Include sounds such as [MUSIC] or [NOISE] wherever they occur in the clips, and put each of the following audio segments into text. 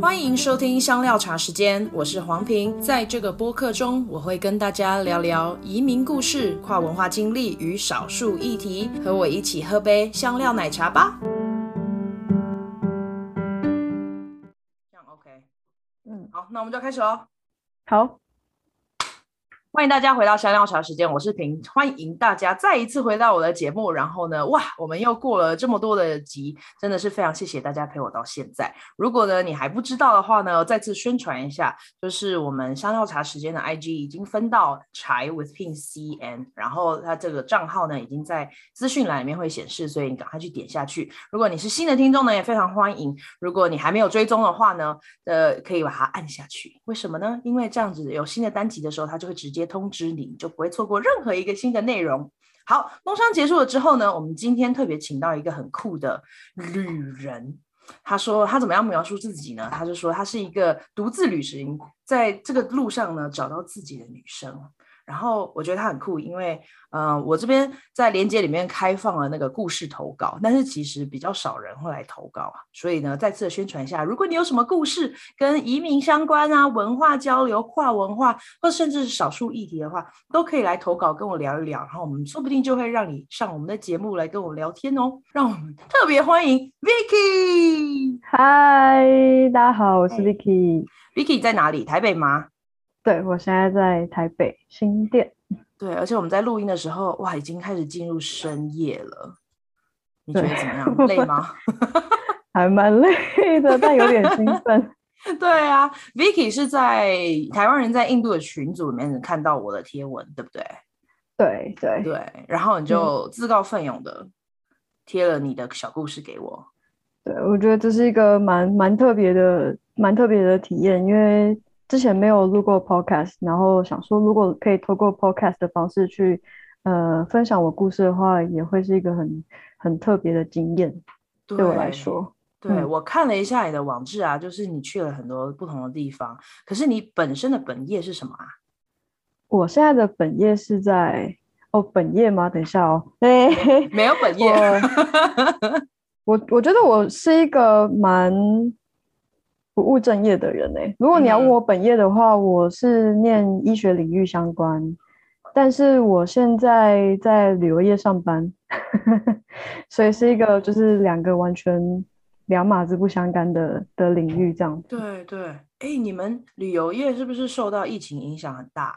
歡迎收聽香料茶時間，我是黃平。在這個播客中，我會跟大家聊聊移民故事、跨文化經歷與少數議題。和我一起喝杯香料奶茶吧。這樣 OK，嗯，好，那我們就要開始嘍。好。歡迎大家回到香料茶時間，我是平，歡迎大家再一次回到我的節目。然後呢，哇，我們又過了這麼多的集，真的是非常謝謝大家陪我到現在。如果呢你還不知道的話呢，再次宣傳一下，就是我們香料茶時間的 IG 已經分到 chaiwithpingcn，然後它這個賬號呢已經在資訊欄裡面會顯示，所以你趕快去點下去。如果你是新的聽眾呢，也非常歡迎。如果你還沒有追蹤的話呢，呃，可以把它按下去。為什麼呢？因為這樣子有新的單集的時候，它就會直接。通知你，你就不會錯過任何一個新的內容。好，工商結束了之後呢，我們今天特別請到一個很酷的旅人。他說他怎麼樣描述自己呢？他就說他是一個獨自旅行，在這個路上呢找到自己的女生。然後我覺得它很酷，因為嗯、呃，我這邊在連結裡面開放了那個故事投稿，但是其實比較少人會來投稿啊。所以呢，再次的宣傳一下，如果你有什麼故事跟移民相關啊、文化交流、跨文化，或甚至是少數議題的話，都可以來投稿跟我聊一聊。然後我們說不定就會讓你上我們的節目來跟我聊天哦。讓我們特別歡迎 Vicky。Hi，大家好，我是 Vicky。Vicky 在哪裡？台北嗎？對，我現在在台北新店。對，而且我們在錄音的時候，哇，已經開始進入深夜了。你覺得怎麼樣？對累嗎？ [LAUGHS] 還蠻累的，但有點興奮。 [LAUGHS] 對啊，Vicky 是在台灣人在印度的群組裡面看到我的貼文，對不對？對對對。然後你就自告奮勇的貼了你的小故事給我。嗯。對，我覺得這是一個蠻蠻特別的、蠻特別的體驗，因為。之前沒有錄過 podcast，然後想說，如果可以透過 podcast 的方式去，呃，分享我故事的話，也會是一個很很特別的經驗，對，對我來說。對，嗯、我看了一下你的網誌啊，就是你去了很多不同的地方，可是你本身的本業是什麼啊？我現在的本業是在……哦，本業嗎？等一下哦，對、欸，沒，沒有本業，我 [LAUGHS] 我，我覺得我是一個蠻。不務正業的人呢、欸？如果你要問我本業的話，嗯、我是念醫學領域相關，但是我現在在旅遊業上班，呵呵所以是一個就是兩個完全兩碼子不相干的的領域這樣子。對對，哎，你們旅遊業是不是受到疫情影響很大？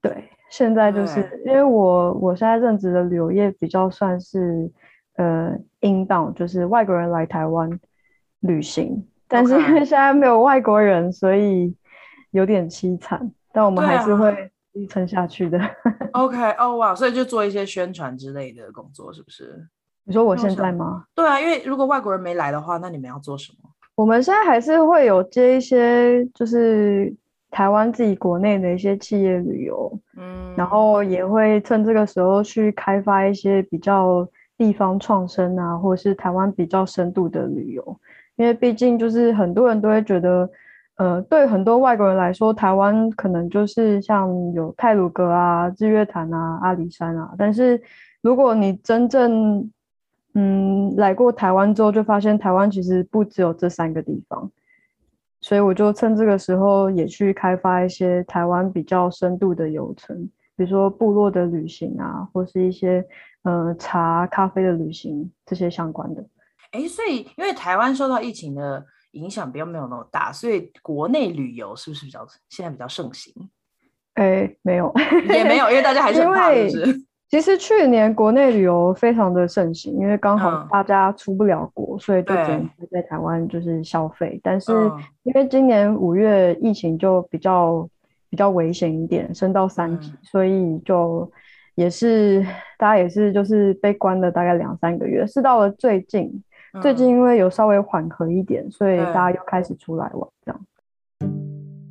對，現在就是對因為我我現在任職的旅遊業比較算是呃 inbound 就是外國人來台灣旅行。但是因為現在沒有外國人，Okay. 所以有點淒慘。但我們還是會撐下去的。OK，哦，哇，所以就做一些宣傳之類的工作，是不是？你說我現在嗎？對啊，因為如果外國人沒來的話，那你們要做什麼？我們現在還是會有接一些，就是台灣自己國內的一些企業旅遊，嗯，然後也會趁這個時候去開發一些比較地方創生啊，或者是台灣比較深度的旅遊。因為畢竟就是很多人都會覺得，呃，對很多外國人來說，台灣可能就是像有太魯閣啊、日月潭啊、阿里山啊。但是如果你真正嗯來過台灣之後，就發現台灣其實不只有這三個地方。所以我就趁這個時候也去開發一些台灣比較深度的遊程，比如說部落的旅行啊，或是一些呃茶咖啡的旅行這些相關的。哎、欸，所以因為台灣受到疫情的影響比較沒有那麼大，所以國內旅遊是不是比較現在比較盛行？哎、欸，沒有， [LAUGHS] 也沒有，因為大家還是很怕、因為、就是、其實去年國內旅遊非常的盛行，因為剛好大家出不了國，嗯、所以就只能在台灣就是消費。對但是因為今年五月疫情就比較比較危險一點，升到三級，嗯、所以就也是大家也是就是被關了大概兩三個月，是到了最近。最近因為有稍微緩和一點，嗯、所以大家又開始出來玩這樣，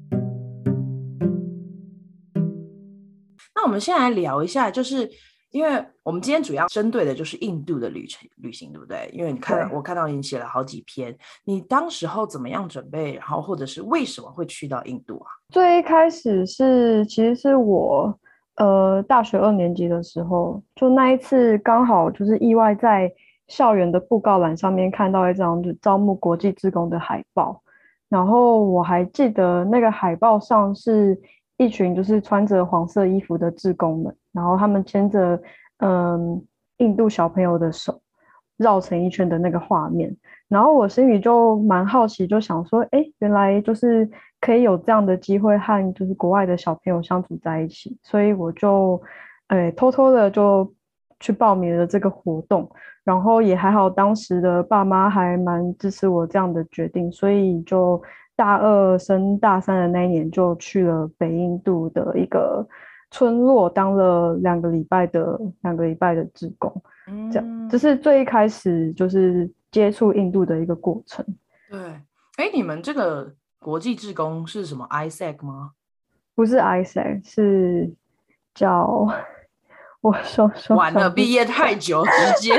對那我們先來聊一下，就是因為我們今天主要針對的就是印度的旅程旅行，對不對？因為你看，對我看到你寫了好幾篇，你當時候怎麼樣準備，然後或者是為什麼會去到印度啊？最一開始是其實是我呃大學二年級的時候，就那一次剛好就是意外在。校園的布告欄上面看到一張就招募國際志工的海報，然後我還記得那個海報上是一群就是穿着黃色衣服的志工們，然後他們牽着嗯印度小朋友的手繞成一圈的那個畫面，然後我心裡就蠻好奇，就想說，欸，原來就是可以有這樣的機會和就是國外的小朋友相處在一起，所以我就欸，偷偷的就。去報名了這個活動，然後也還好，當時的爸媽還蠻支持我這樣的決定，所以就大二升大三的那一年，就去了北印度的一個村落，當了兩個禮拜的、嗯、兩個禮拜的志工，這這是最一開始就是接觸印度的一個過程。對，哎，你們這個國際志工是什麼 ISAC 嗎？不是 ISAC，是叫。我說說完了，畢業太久，直接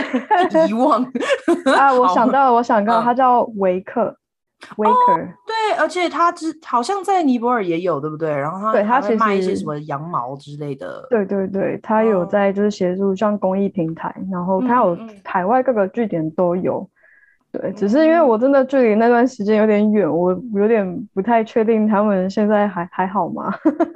遺 [LAUGHS] 忘啊！ [LAUGHS] 好我想到，了，我想到了，他叫維克，維克、嗯，Waker oh, 對，而且他之好像在尼泊爾也有，對不對？然後他對他賣一些什麼羊毛之類的對，對對對，他有在就是協助像公益平台，oh. 然後他有海外各個據點都有，嗯、對，只是因為我真的距離那段時間有點遠，嗯、我有點不太確定他們現在還還好嗎？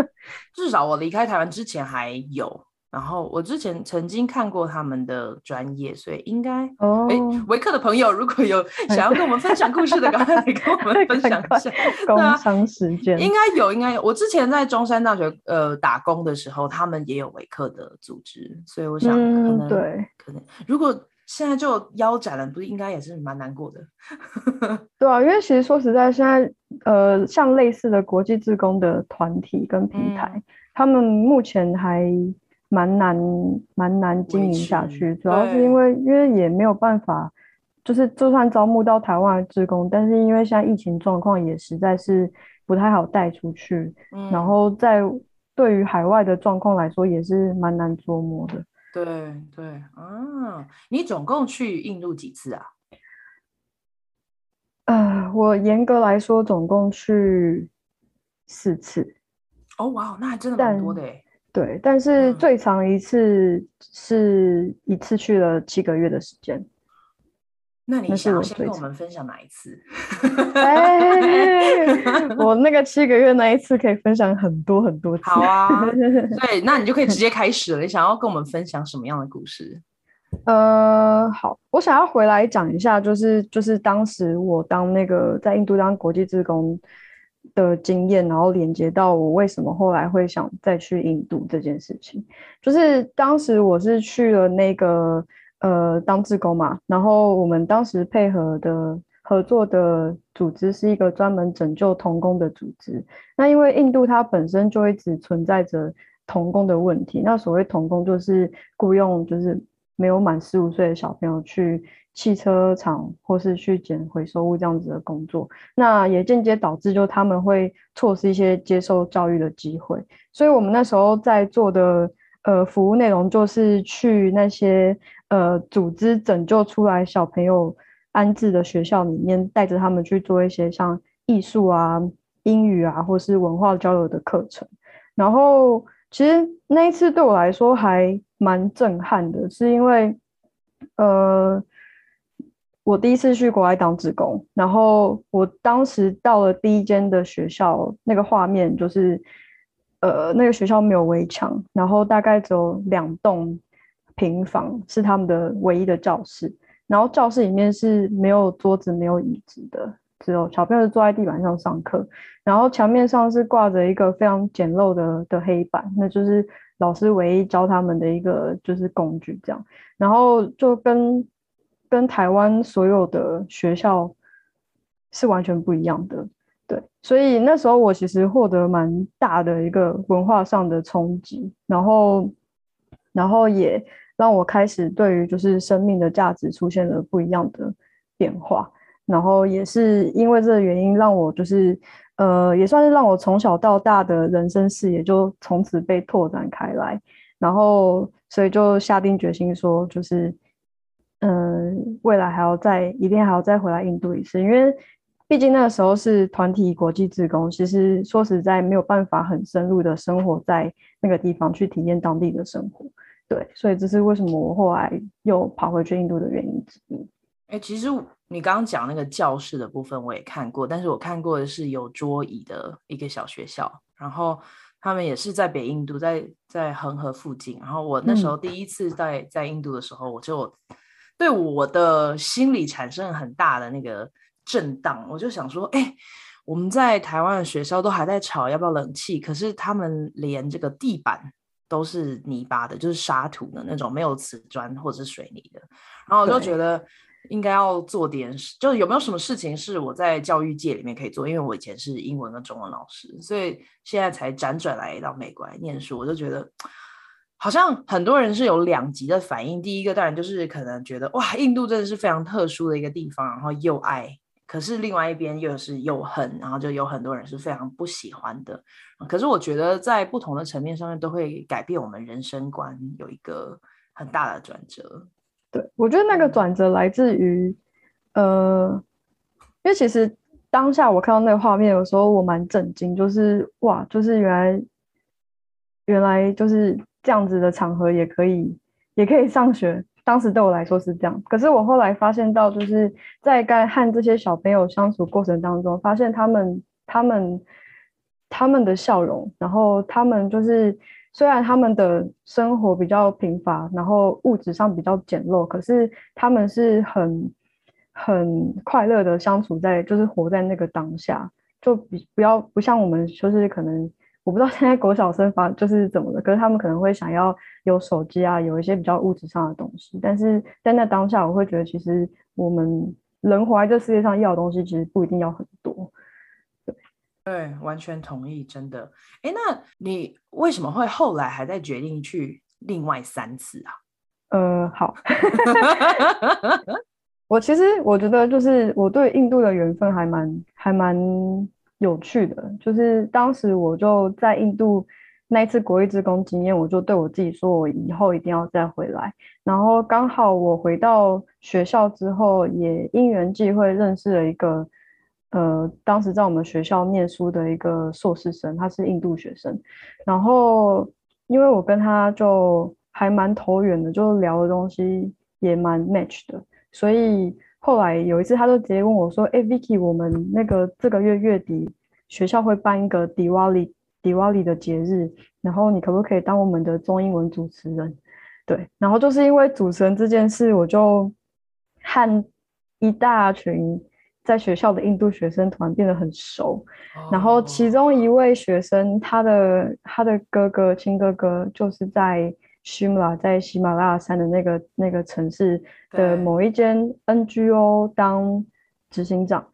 [LAUGHS] 至少我離開台灣之前還有。然後我之前曾經看過他們的專業，所以應該哦、oh.，微客的朋友如果有想要跟我們分享故事的， [LAUGHS] 趕快跟我們分享一下。 [LAUGHS] 工商時間應該有，應該有。我之前在中山大學呃打工的時候，他們也有微客的組織，所以我想可能、嗯、對，可能如果現在就腰斬了，不是應該也是蠻難過的。 [LAUGHS] 對啊，因為其實說實在，現在呃像類似的國際志工的團體跟平台，嗯、他們目前還。蠻難，蠻難經營下去，主要是因為，因為也沒有辦法，就是就算招募到台灣的志工，但是因為現在疫情狀況也實在是不太好帶出去。嗯、然後在對於海外的狀況來說，也是蠻難琢磨的。對對，嗯，你總共去印度幾次啊？呃，我嚴格來說總共去四次。哦，哇哦，那還真的蠻多的哎對，但是最長一次是一次去了七個月的時間，嗯。那你想要先跟我們分享哪一次 [LAUGHS] 欸欸欸欸。我那個七個月那一次可以分享很多很多次。好啊， [LAUGHS] 對，那你就可以直接開始了。你想要跟我們分享什麼樣的故事？ [LAUGHS] 呃，好，我想要回來講一下，就是就是當時我當那個在印度當國際志工。的經驗，然後連接到我為什麼後來會想再去印度這件事情，就是當時我是去了那個呃當志工嘛，然後我們當時配合的合作的組織是一個專門拯救童工的組織。那因為印度它本身就一直存在着童工的問題，那所謂童工就是僱用就是沒有滿十五歲的小朋友去汽車廠，或是去撿回收物這樣子的工作，那也間接導致就他們會錯失一些接受教育的機會。所以，我們那時候在做的呃服務內容，就是去那些呃組織拯救出來小朋友安置的學校裡面，帶着他們去做一些像藝術啊、英語啊，或是文化交流的課程。然後，其實那一次對我來說還蠻震撼的，是因為呃。我第一次去國外當志工，然後我當時到了第一間的學校，那個畫面就是，呃，那個學校沒有圍牆，然後大概只有兩棟平房是他們的唯一的教室，然後教室裡面是沒有桌子、沒有椅子的，只有小朋友是坐在地板上上課，然後牆面上是掛着一個非常簡陋的的黑板，那就是老師唯一教他們的一個就是工具這樣，然後就跟。跟台灣所有的學校是完全不一樣的，對，所以那時候我其實獲得蠻大的一個文化上的衝擊，然後，然後也讓我開始對於就是生命的價值出現了不一樣的變化，然後也是因為這個原因，讓我就是呃，也算是讓我從小到大的人生視野就從此被拓展開來，然後，所以就下定決心說，就是。嗯，未來還要再一定還要再回來印度一次，因為畢竟那個時候是團體國際志工，其實說實在沒有辦法很深入的生活在那個地方去體驗當地的生活，對，所以這是為什麼我後來又跑回去印度的原因之一。哎、嗯欸，其實你剛剛講那個教室的部分我也看過，但是我看過的是有桌椅的一個小學校，然後他們也是在北印度，在在恆河附近，然後我那時候第一次在在印度的時候我就、嗯。對我的心理產生很大的那個震盪，我就想說，哎，我們在台灣的學校都還在吵要不要冷氣，可是他們連這個地板都是泥巴的，就是沙土的那種，沒有瓷磚或者是水泥的。然後我就覺得應該要做點，對就是有沒有什麼事情是我在教育界裡面可以做，因為我以前是英文跟中文老師，所以現在才輾轉來到美國來念書，我就覺得。好像很多人是有兩極的反應，第一個當然就是可能覺得哇，印度真的是非常特殊的一個地方，然後又愛，可是另外一邊又是又恨，然後就有很多人是非常不喜歡的。嗯，可是我覺得在不同的層面上面都會改變我們人生觀，有一個很大的轉折。對，我覺得那個轉折來自於，呃，因為其實當下我看到那個畫面的時候，我蠻震驚，就是哇，就是原來，原來就是。這樣子的場合也可以，也可以上學。當時對我來說是這樣，可是我後來發現到，就是在跟這些小朋友相處過程當中，發現他們、他們、他們的笑容，然後他們就是雖然他們的生活比較貧乏，然後物質上比較簡陋，可是他們是很很快樂的相處在，就是活在那個當下，就比不要不像我們就是可能。我不知道現在國小生發就是怎麼了，可是他們可能會想要有手機啊，有一些比較物質上的東西。但是在那當下，我會覺得其實我們人活在這世界上要的東西其實不一定要很多。對，對完全同意，真的。哎、欸，那你為什麼會後來還在決定去另外三次啊？呃，好， [LAUGHS] [LAUGHS] [LAUGHS] 我其實我覺得就是我對印度的緣分還蠻還蠻。有趣的就是，當時我就在印度那一次國際志工經驗，我就對我自己說，我以後一定要再回來。然後剛好我回到學校之後，也因緣際會認識了一個，呃，當時在我們學校念書的一個碩士生，他是印度學生。然後因為我跟他就還蠻投緣的，就聊的東西也蠻 match 的，所以。後來有一次，他就直接問我說：“誒，Vicky，我們那個這個月月底學校會辦一個 Diwali、Diwali 的節日，然後你可不可以當我們的中英文主持人？對，然後就是因為主持人這件事，我就和一大群在學校的印度學生團變得很熟。然後其中一位學生，他的他的哥哥親哥哥，就是在。”希姆拉在喜馬拉雅山的那個那個城市的某一間 NGO 當執行長，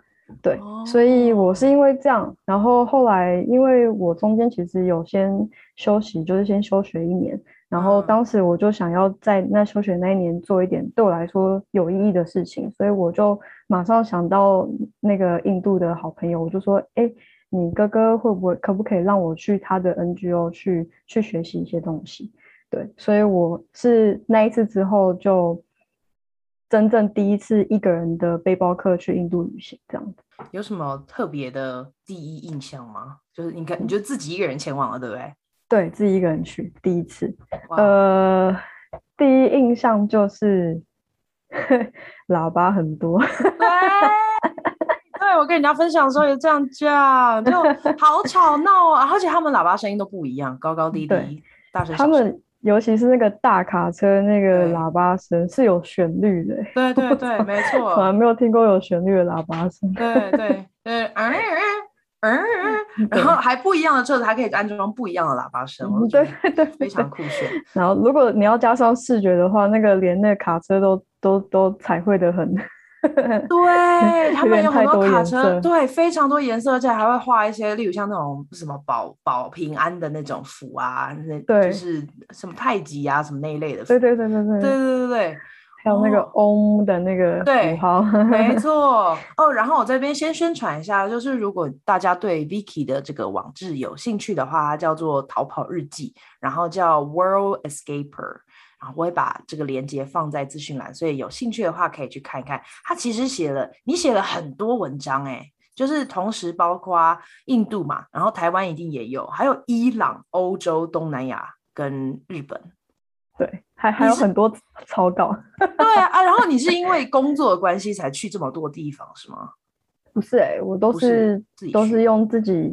對，對，所以我是因為這樣，oh. 然後後來因為我中間其實有先休息，就是先休學一年，然後當時我就想要在那休學那一年做一點對我來說有意義的事情，所以我就馬上想到那個印度的好朋友，我就說：“哎，你哥哥會不會可不可以讓我去他的 NGO 去去學習一些東西？”對，所以我是那一次之後就真正第一次一個人的背包客去印度旅行，這樣子有什麼特別的第一印象嗎？就是你看你就自己一個人前往了，對不對？對，自己一個人去第一次，Wow 呃，第一印象就是呵喇叭很多 [LAUGHS] 對，對，我跟人家分享的時候也這樣講，就好吵鬧啊、哦，而且他們喇叭聲音都不一樣，高高低低，對大聲小聲他們尤其是那個大卡車那個喇叭聲對是有旋律的，欸，對對對， [LAUGHS] 沒錯，從來沒有聽過有旋律的喇叭聲。 [LAUGHS] 對，對對對，嗯嗯嗯，然後還不一樣的車子還可以安裝不一樣的喇叭聲，嗯、對，對，對對對，非常酷炫。然後如果你要加上視覺的話，那個連那個卡車都都都彩繪的很。 [LAUGHS] 對，他們有很多卡車，對，非常多顏色，而且還會畫一些，例如像那種什麼保保平安的那種符啊，那對就是什麼太極啊，什麼那一類的。對對對對對對對對對，還有那個翁的那個、哦、對好，沒錯 [LAUGHS] 哦。然後我這邊先宣傳一下，就是如果大家對 Vicky 的這個網志有興趣的話，它叫做《逃跑日記》，然後叫 World Escaper。我會把這個鏈接放在資訊欄，所以有興趣的話可以去看一看。他其實寫了，你寫了很多文章誒，就是同時包括印度嘛，然後台灣一定也有，還有伊朗、歐洲、東南亞跟日本，對，還還有很多草稿。對啊，然後你是因為工作的關係才去這麼多地方是嗎？不是誒，我都是，都是自己，都是用自己。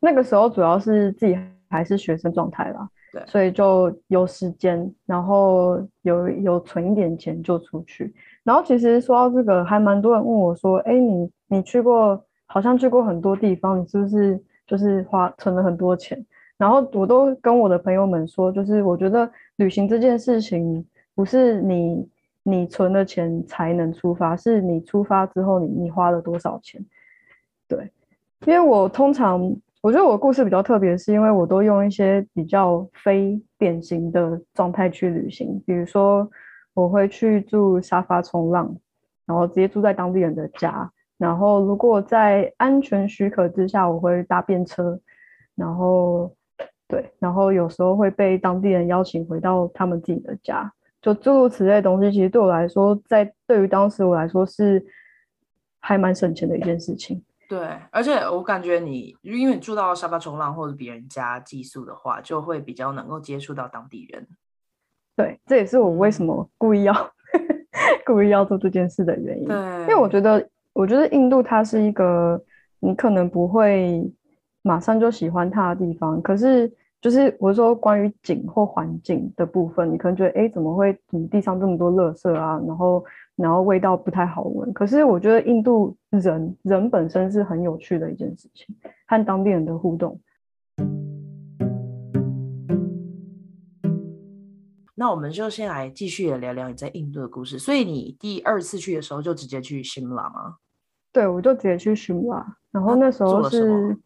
那個時候主要是自己還是學生狀態吧。對所以就有時間，然後有有存一點錢就出去。然後其實說到這個，還蠻多人問我說，哎，你你去過，好像去過很多地方，你是不是就是花存了很多錢？然後我都跟我的朋友們說，就是我覺得旅行這件事情，不是你你存了錢才能出發，是你出發之後你你花了多少錢。對，因為我通常。我覺得我的故事比較特別，是因為我都用一些比較非典型的狀態去旅行。比如說，我會去住沙發衝浪，然後直接住在當地人的家。然後，如果在安全許可之下，我會搭便車。然後，對，然後有時候會被當地人邀請回到他們自己的家，就諸如此類東西。其實對我來說，在對於當時我來說是還蠻省錢的一件事情。對，而且我感覺你，因為你住到沙發衝浪或者別人家寄宿的話，就會比較能夠接觸到當地人。對，這也是我為什麼故意要呵呵故意要做這件事的原因。對因為我覺得，我覺得印度它是一個你可能不會馬上就喜歡它的地方，可是就是我就說關於景或環境的部分，你可能覺得，哎，怎麼會土地上這麼多垃圾啊？然後。然後味道不太好聞，可是我覺得印度人人本身是很有趣的一件事情，和當地人的互動。那我們就先來繼續聊聊你在印度的故事。所以你第二次去的時候就直接去 Shimla 啊？對，我就直接去 Shimla。然後那時候是、啊、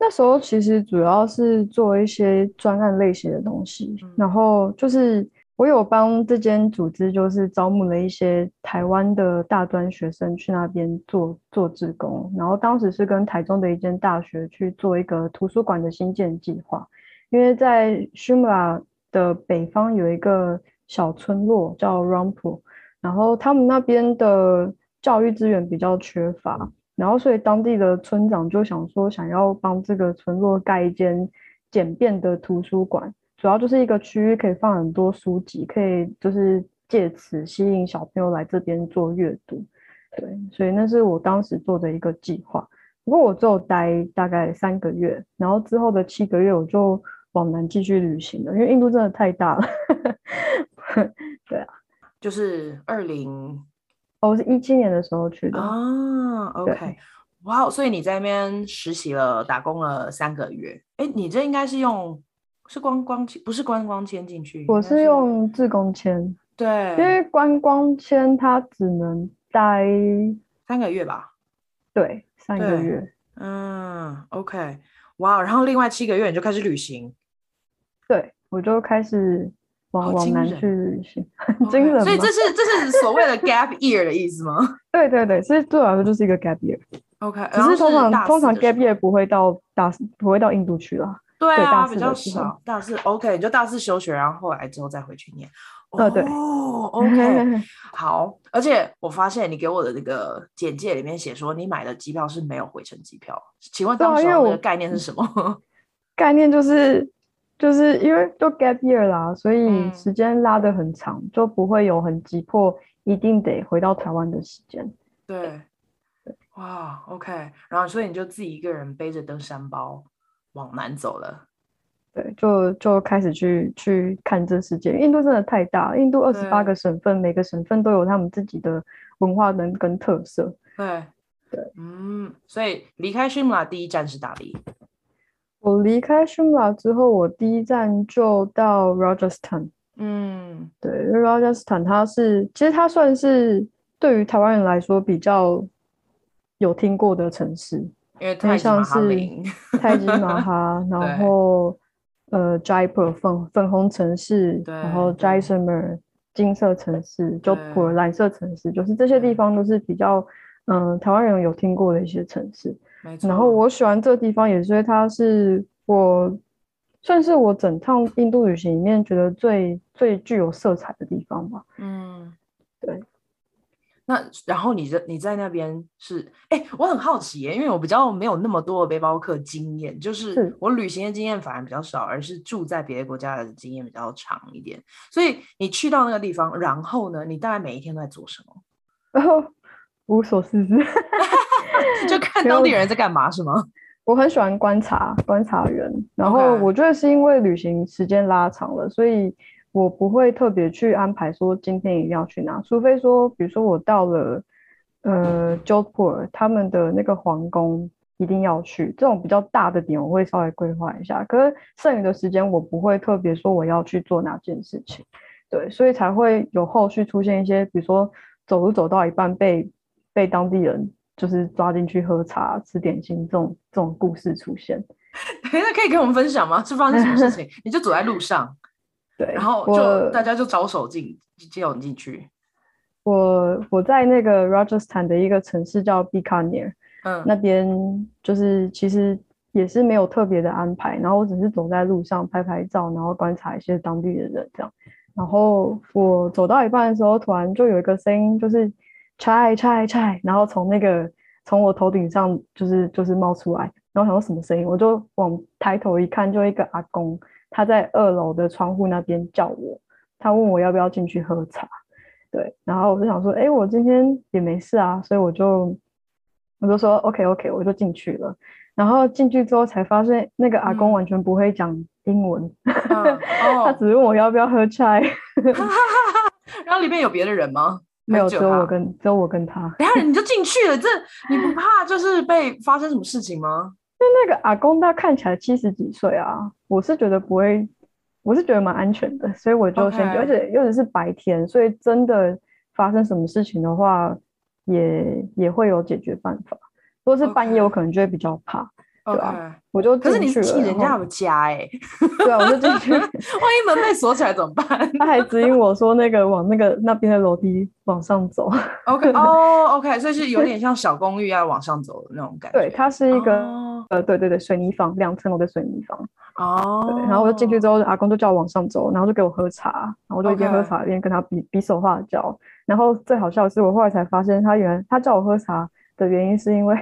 那時候其實主要是做一些專案類型的東西，嗯、然後就是。我有幫這間組織，就是招募了一些台灣的大專學生去那邊做做志工，然後當時是跟台中的一間大學去做一個圖書館的興建計劃，因為在 Shimla 的北方有一個小村落叫 Rump，然後他們那邊的教育資源比較缺乏，然後所以當地的村長就想說想要幫這個村落蓋一間簡便的圖書館。主要就是一個區域可以放很多書籍，可以就是借此吸引小朋友來這邊做閱讀，對，所以那是我當時做的一個計劃。不過我只有待大概三個月，然後之後的七個月我就往南繼續旅行了，因為印度真的太大了。 [LAUGHS] 對啊，就是二零哦，是一七年的時候去的啊。Ah, OK，哇對，wow, 所以你在那邊實習了，打工了三個月？哎，你這應該是用。是光光不是觀光簽進去。我是用志工簽，對，因為觀光簽它只能待三個月吧？對，三個月。嗯，OK，哇、wow,，然後另外七個月你就開始旅行。對，我就開始往、哦、往南去旅行。很 [LAUGHS] 驚人嗎，okay, 所以這是這是所謂的 gap year 的意思嗎？ [LAUGHS] 對對對，所以對我來說就是一個 gap year。OK，可是，是，是通常通常 gap year 不會到大不會到印度去了。對啊，比較少，大四,大四 OK，你就大四休學，然後後來之後再回去念。哦、oh, 呃，對，OK， [LAUGHS] 好。而且我發現你給我的這個簡介裡面寫說，你買的機票是沒有回程機票，請問當時那個概念是什麼？概念就是就是因為都 gap year 啦，所以時間拉得很長，嗯、就不會有很急迫一定得回到台灣的時間。對，哇對、wow,，OK，然後所以你就自己一個人背着登山包。往南走了，對，就就開始去去看這世界。印度真的太大，印度二十八個省份，對每個省份都有他們自己的文化跟跟特色。對，對，嗯，所以離開 Shimla 第一站是哪裡？我離開 Shimla 之後，我第一站就到 Rajasthan 嗯，對 Rajasthan 它，是其實它算是對於台灣人來說比較有聽過的城市。因為就像是泰姬瑪哈， [LAUGHS] 然後對呃，Jaipur 粉粉紅城市，對然後 Jaisalmer 對金色城市，Jodhpur 對藍色城市，就是這些地方都是比較嗯、呃，台灣人有聽過的一些城市。對然後我喜歡這個地方也，也是因為它是我算是我整趟印度旅行裡面覺得最最具有色彩的地方吧。嗯，對。那然後你在你在那邊是哎，我很好奇耶，因為我比較沒有那麼多的背包客經驗，就是我旅行的經驗反而比較少，而是住在別的國家的經驗比較長一點。所以你去到那個地方，然後呢，你大概每一天都在做什麼？然後、哦、無所事事， [LAUGHS] [LAUGHS] 就看當地人在幹嘛，是嗎？我很喜歡觀察，觀察人。然後我覺得是因為旅行時間拉長了，所以。我不會特別去安排說今天一定要去哪，除非說，比如說我到了，呃，Jodhpur 他們的那個皇宮一定要去，這種比較大的點我會稍微規劃一下。可是剩餘的時間我不會特別說我要去做哪件事情，對，所以才會有後續出現一些，比如說走路走到一半被被當地人就是抓進去喝茶吃點心這種這種故事出現。欸，那可以跟我們分享嗎？不是發生什麼事情？ [LAUGHS] 你就走在路上。對，然後就我大家就招手進，接我們進去。我我在那個拉傑斯坦的一個城市叫比卡尼爾，r、嗯、那邊就是其實也是沒有特別的安排，然後我只是走在路上拍拍照，然後觀察一些當地的人這樣。然後我走到一半的時候，突然就有一個聲音，就是拆拆拆，然後從那個從我頭頂上就是就是冒出來，然後想說什麼聲音，我就往抬頭一看，就一個阿公。他在二樓的窗戶那邊叫我，他問我要不要進去喝茶，對，然後我就想說，哎、欸，我今天也沒事啊，所以我就我就說 OK OK，我就進去了。然後進去之後才發現，那個阿公完全不會講英文，嗯、 [LAUGHS] 他只問我要不要喝茶。啊哦、 [LAUGHS] 然後裡面有別的人嗎？ [LAUGHS] 沒有，只有我跟只有我跟他。等一下，你就進去了，這你不怕就是被發生什麼事情嗎？就那個阿公，他看起來七十幾歲啊，我是覺得不會，我是覺得蠻安全的，所以我就先，Okay. 而且又是白天，所以真的發生什麼事情的話，也也會有解決辦法。如果是半夜，我可能就會比較怕。Okay. Okay. 對啊，我就去，可是你是後人家有家哎、欸， [LAUGHS] 對啊，我就進去， [LAUGHS] 萬一門被鎖起來怎麼辦？ [LAUGHS] 他還指引我說，那個往那個那邊的樓梯往上走。 [LAUGHS] OK，哦、oh,，OK，所以是有點像小公寓要往上走的那種感覺。 [LAUGHS] 對，它是一個、oh. 呃，對對對，水泥房，兩層樓的水泥房。哦、oh.。然後我就進去之後，阿公就叫我往上走，然後就給我喝茶，然後我就一邊喝茶一邊跟他比 Okay. 比手畫腳。然後最好笑的是，我後來才發現，他原來他叫我喝茶。的原因是因為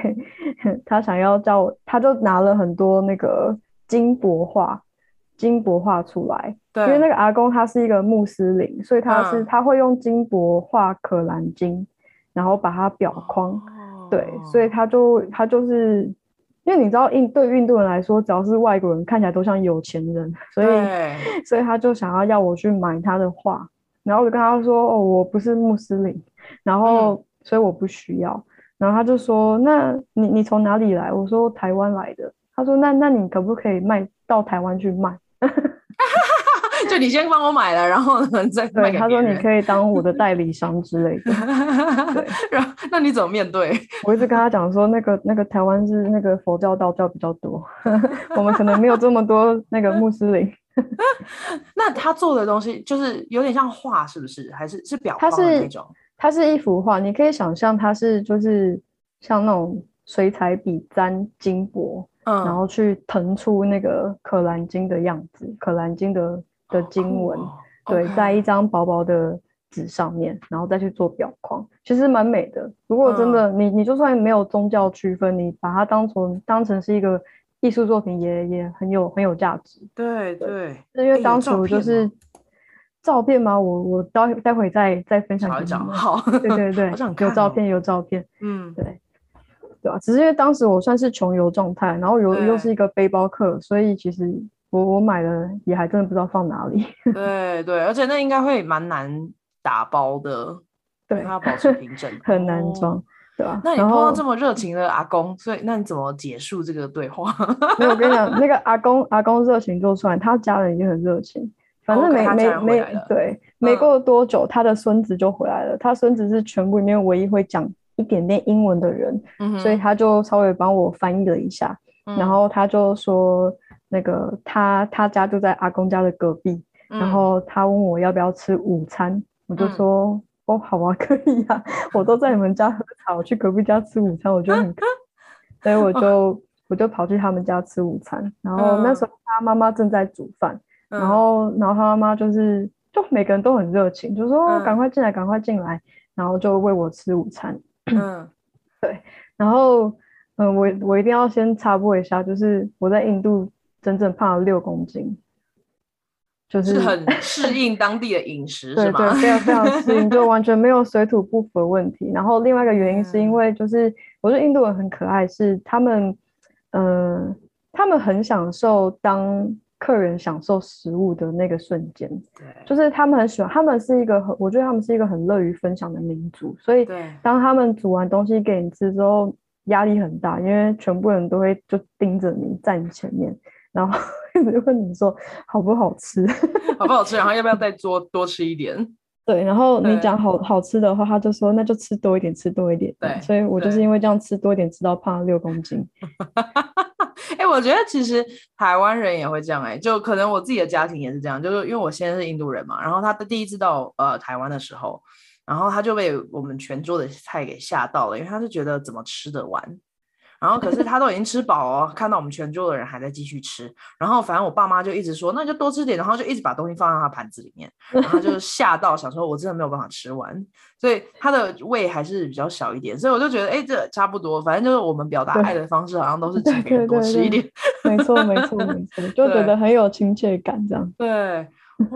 他想要叫我，他就拿了很多那個金箔畫，金箔畫出來。對，因為那個阿公他是一個穆斯林，所以他是、嗯、他會用金箔畫可蘭經，然後把它裱框。哦、對，所以他就他就是因為你知道印對印度人來說，只要是外國人看起來都像有錢人，對所以所以他就想要要我去買他的畫，然後我就跟他說：“哦，我不是穆斯林，然後、嗯、所以我不需要。”然後他就說：“那你你從哪裡來？”我說：“台灣來的。”他說：“那那你可不可以賣到台灣去賣？” [LAUGHS] [LAUGHS] 就你先幫我買了，然後呢再賣給。對，他說你可以當我的代理商之類的。 [LAUGHS] 對然後那你怎麼面對？我一直跟他講說，那個那個台灣是那個佛教、道教比較多， [LAUGHS] 我們可能沒有這麼多那個穆斯林。 [LAUGHS] [LAUGHS] 那他做的東西就是有點像畫，是不是？還是是裱畫的那種？它是一幅畫，你可以想象它是就是像那種水彩筆沾金箔，嗯、然後去騰出那個可蘭經的樣子，可蘭經的的經文，oh, oh, okay. 對，在一張薄薄的紙上面，然後再去做裱框，其實蠻美的。如果真的、嗯、你你就算沒有宗教區分，你把它當成當成是一個藝術作品也，也也很有很有價值。對對，對對，因為當初就是。欸照片嗎？我我待待會再再分享給你找一張。好，對對對，有照片有照片，照片嗯，對對啊，只是因為當時我算是窮遊狀態，然後又又是一個背包客，對所以其實我我買的也還真的不知道放哪裡。對對，而且那應該會蠻難打包的，對，它要保持平整， [LAUGHS] 很難裝裝，哦、對吧、啊？那你碰到這麼熱情的阿公，所以那你怎麼結束這個對話？ [LAUGHS] 沒有，我跟你講，那個阿公阿公熱情做出來，他家人也很熱情。反正沒沒沒對，沒過多久，他的孫子就回來了。他孫子是全部裡面唯一會講一點點英文的人，所以他就稍微幫我翻譯了一下。然後他就說：“那個他他家就在阿公家的隔壁。”然後他問我要不要吃午餐，我就說：“哦，好啊，可以啊，我都在你們家喝茶，我去隔壁家吃午餐，我覺得很……所以我就我就跑去他們家吃午餐。然後那時候他媽媽正在煮飯。”然後，嗯、然後他媽媽就是，就每個人都很熱情，就說：“嗯、趕快進來，趕快進來。”然後就餵我吃午餐。嗯， [COUGHS] 對。然後，嗯，我我一定要先插播一下，就是我在印度整整胖了六公斤，就是、是很適應當地的飲食， [LAUGHS] 是嗎？對對，對，非常非常適應， [LAUGHS] 就完全沒有水土不服的問題。然後另外一個原因是因為，就是、嗯、我覺得印度人很可愛，是他們，嗯、呃，他們很享受當。客人享受食物的那個瞬間，對，就是他們很喜歡，他們是一個很，我覺得他們是一個很樂於分享的民族，所以，當他們煮完東西給你吃之後，壓力很大，因為全部人都會就盯着你，站你前面，然後一直問你說好不好吃，好不好吃，然後要不要再多 [LAUGHS] 多吃一點，對，然後你講好好吃的話，他就說那就吃多一點，吃多一點，對，所以我就是因為這樣吃多一點，對吃到胖了六公斤。 [LAUGHS] 哎、欸，我覺得其實台灣人也會這樣哎、欸，就可能我自己的家庭也是這樣，就是因為我先生是印度人嘛，然後他第一次到呃台灣的時候，然後他就被我們全桌的菜給嚇到了，因為他是覺得怎麼吃得完。 [LAUGHS] 然後可是他都已經吃飽哦，看到我們全桌的人還在繼續吃，然後反正我爸媽就一直說，那你就多吃點，然後就一直把東西放在他的盤子裡面，然後就是嚇到想說我真的沒有辦法吃完，所以他的胃還是比較小一點，所以我就覺得哎，這差不多，反正就是我們表達愛的方式好像都是吃對多吃一點，沒錯沒錯沒錯，就覺得很有親切感這樣。對，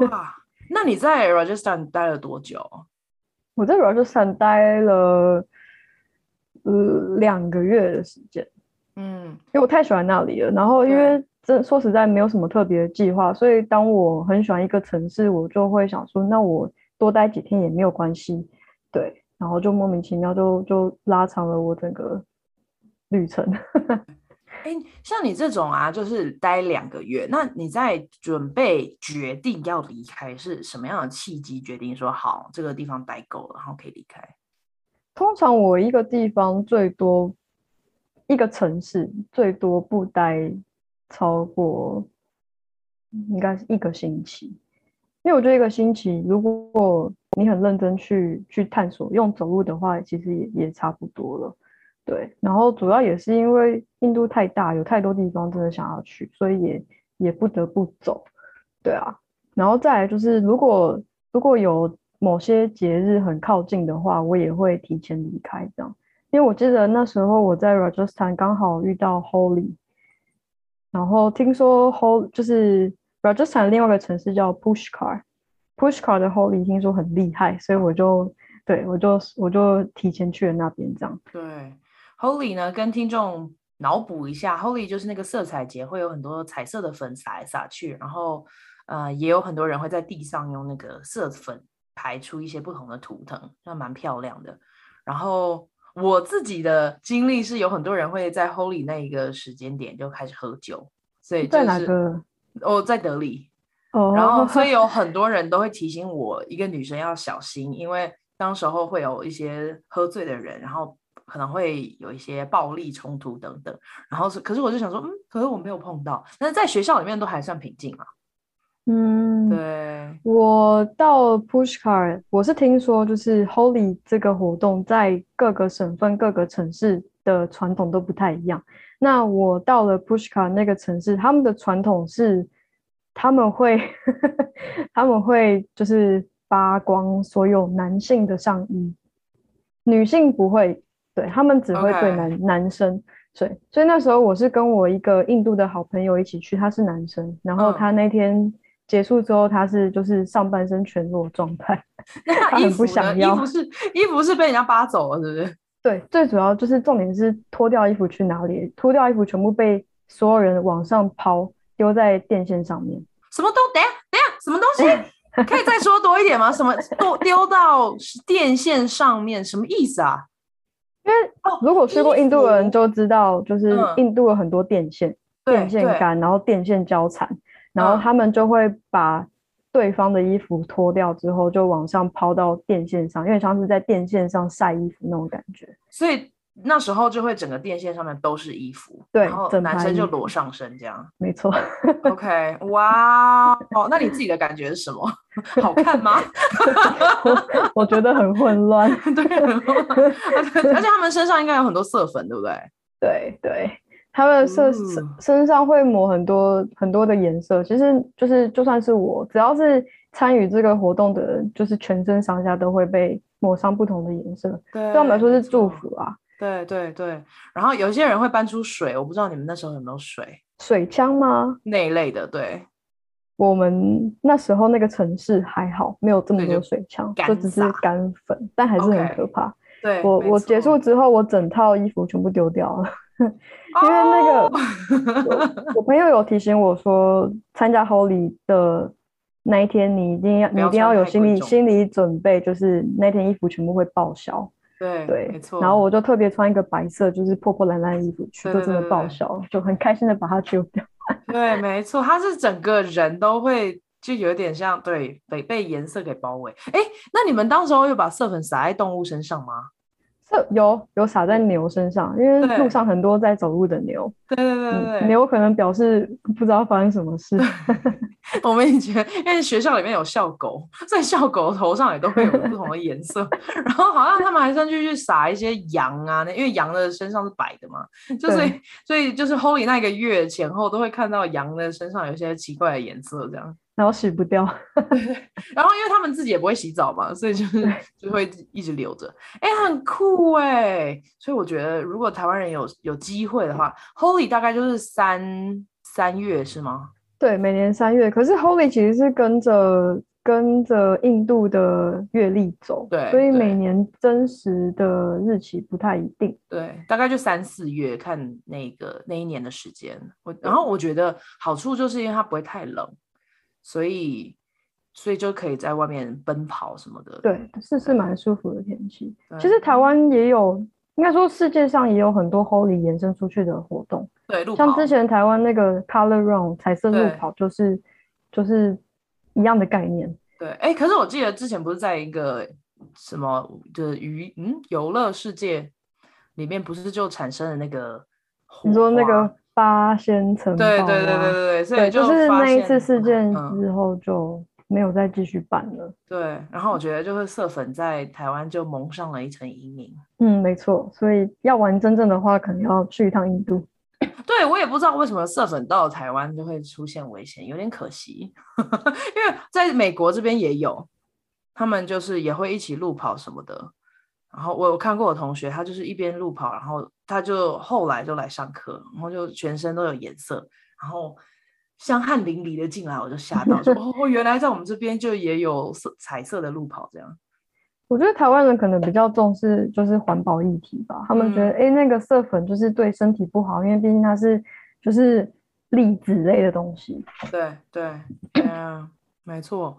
哇，那你在 Rajasthan 待了多久？我在 Rajasthan 待了。呃，兩個月的時間，嗯，因為我太喜歡那裡了，然後因為這，說實在沒有什麼特別的計劃，嗯、所以當我很喜歡一個城市，我就會想說，那我多待幾天也沒有關係，對，然後就莫名其妙就就拉長了我整個旅程。哎 [LAUGHS] 欸，像你這種啊，就是待兩個月，那你在準備決定要離開是什麼樣的契機？決定說好這個地方待夠了，然後可以離開。通常我一個地方最多，一個城市最多不待超過，應該是一個星期，因為我覺得一個星期，如果你很認真去去探索，用走路的話，其實也也差不多了，對。然後主要也是因為印度太大，有太多地方真的想要去，所以也也不得不走，對啊。然後再來就是如，如果如果有某些節日很靠近的話，我也會提前離開，這樣。因為我記得那時候我在 Rajasthan 剛好遇到 Holi，然後聽說 Holi 就是 Rajasthan 另外一個城市叫 Pushkar，Pushkar 的 Holi 聽說很厲害，所以我就，對，我就，我就提前去了那邊，這樣。對，Holi 呢，跟聽眾腦補一下，Holi 就是那個色彩節，會有很多彩色的粉撒來撒去，然後呃也有很多人會在地上用那個色粉。排出一些不同的圖騰，那蠻漂亮的。然後我自己的經歷是，有很多人會在 Holi 那一個時間點就開始喝酒，所以就是在哪個？哦，在德里，oh, 然後所以有很多人都會提醒我，一個女生要小心， [LAUGHS] 因為當時候會有一些喝醉的人，然後可能會有一些暴力衝突等等。然後是，可是我就想說，嗯，可是我沒有碰到，但是在學校裡面都還算平靜啊。嗯，對。我到 Pushkar，我是聽說就是 Holi 這個活動，在各個省份、各個城市的傳統都不太一樣。那我到了 Pushkar 那個城市，他們的傳統是，他們會，呵呵，他們會就是扒光所有男性的上衣，女性不會，對，他們只會對男 Okay. 男生。對，所以那時候我是跟我一個印度的好朋友一起去，他是男生，然後他那天。Oh. 結束之後，他是就是上半身全裸狀態。那衣服呢？他很不想要。衣服是衣服是被人家扒走了，是不是？對，最主要就是重點是脫掉衣服去哪裡？脫掉衣服全部被所有人往上拋，丟在電線上面。什麼都等下，等下，什麼東西？可以再說多一點嗎？ [LAUGHS] 什麼都丟到電線上面？什麼意思啊？因為如果去過印度的人就知道，就是印度有很多電線、嗯、電線桿，然後電線交纏。然後他們就會把對方的衣服脫掉之後，就往上拋到電線上，因為常常是在電線上曬衣服那種感覺。所以那時候就會整個電線上面都是衣服，對，然後男生就裸上身這樣。沒錯。 [LAUGHS] OK，哇，哦，那你自己的感覺是什麼？好看嗎？ [LAUGHS] [LAUGHS] 我，我覺得很混亂。 [LAUGHS] 對。很混亂 [LAUGHS] 而且他們身上應該有很多色粉，對不對？對對。對他們身身上會抹很多、嗯、很多的顏色，其實就是就算是我，只要是參與這個活動的人，就是全身上下都會被抹上不同的顏色。對，對他們來說是祝福啊。對對對。然後有些人會搬出水，我不知道你們那時候有沒有水水槍嗎？那一類的。對，我們那時候那個城市還好，沒有這麼多水槍，就，就只是乾粉，但還是很可怕。Okay、對，我錯我結束之後，我整套衣服全部丟掉了。 [LAUGHS] 因為那個、oh! [LAUGHS] 我朋友有提醒我說，參加 Holi 的那一天，你一定要，要你一定要有心理心理準備，就是那天衣服全部會報銷。對對，對沒錯錯。然後我就特別穿一個白色，就是破破爛爛的衣服去，就真的報銷，對對對對，就很開心的把它丟掉。 [LAUGHS] 對，沒錯，它是整個人都會就有點像對，對被被顏色給包圍。哎、欸，那你們當時候有把色粉撒在動物身上嗎？這有有撒在牛身上，因為路上很多在走路的牛。對對對對、嗯，牛可能表示不知道發生什麼事。我們以前因為學校裡面有校狗，在校狗頭上也都會有不同的顏色。 [LAUGHS] 然後好像他們還上去去撒一些羊啊，因為羊的身上是白的嘛，就是所，對所以就是 Holi 那個月前後都會看到羊的身上有些奇怪的顏色這樣。然後洗不掉，然後因為他們自己也不會洗澡嘛，所以就是就會一直留着。哎、欸，很酷哎、欸！所以我覺得，如果台灣人有有機會的話、嗯、Holi 大概就是三三月是嗎？對，每年三月。可是 Holi 其實是跟着跟着印度的月曆走，對，所以每年真實的日期不太一定。對、對，大概就三四月，看那個那一年的時間。我對然後我覺得好處就是因為它不會太冷。所以，所以就可以在外面奔跑什麼的。對，是是蠻舒服的天氣。對其實台灣也有，應該說世界上也有很多 Holi 延伸出去的活動。對，路，像之前台灣那個 Color Run 彩色路跑，就是對就是一樣的概念。對，哎、欸，可是我記得之前不是在一個什麼就是娛嗯遊樂世界裡面，不是就產生了那個？你說那個？八仙塵爆。對對對對對對，所以就，就是那一次事件之後就沒有再繼續辦了，嗯。對，然後我覺得就是色粉在台灣就蒙上了一層陰影。嗯，沒錯，所以要玩真正的話，可能要去一趟印度。對，我也不知道為什麼色粉到台灣就會出現危險，有點可惜。 [LAUGHS] 因為在美國這邊也有，他們就是也會一起路跑什麼的。然後我有看過我同學，他就是一邊路跑，然後他就後來就來上課，然後就全身都有顏色，然後香汗淋漓的進來，我就嚇到說，說 [LAUGHS] 哦，原來在我們這邊就也有色彩色的路跑這樣。我覺得台灣人可能比較重視就是環保議題吧，他們覺得哎、嗯、那個色粉就是對身體不好，因為畢竟它是就是粒子類的東西。對對，嗯，呃、 [COUGHS] 沒錯。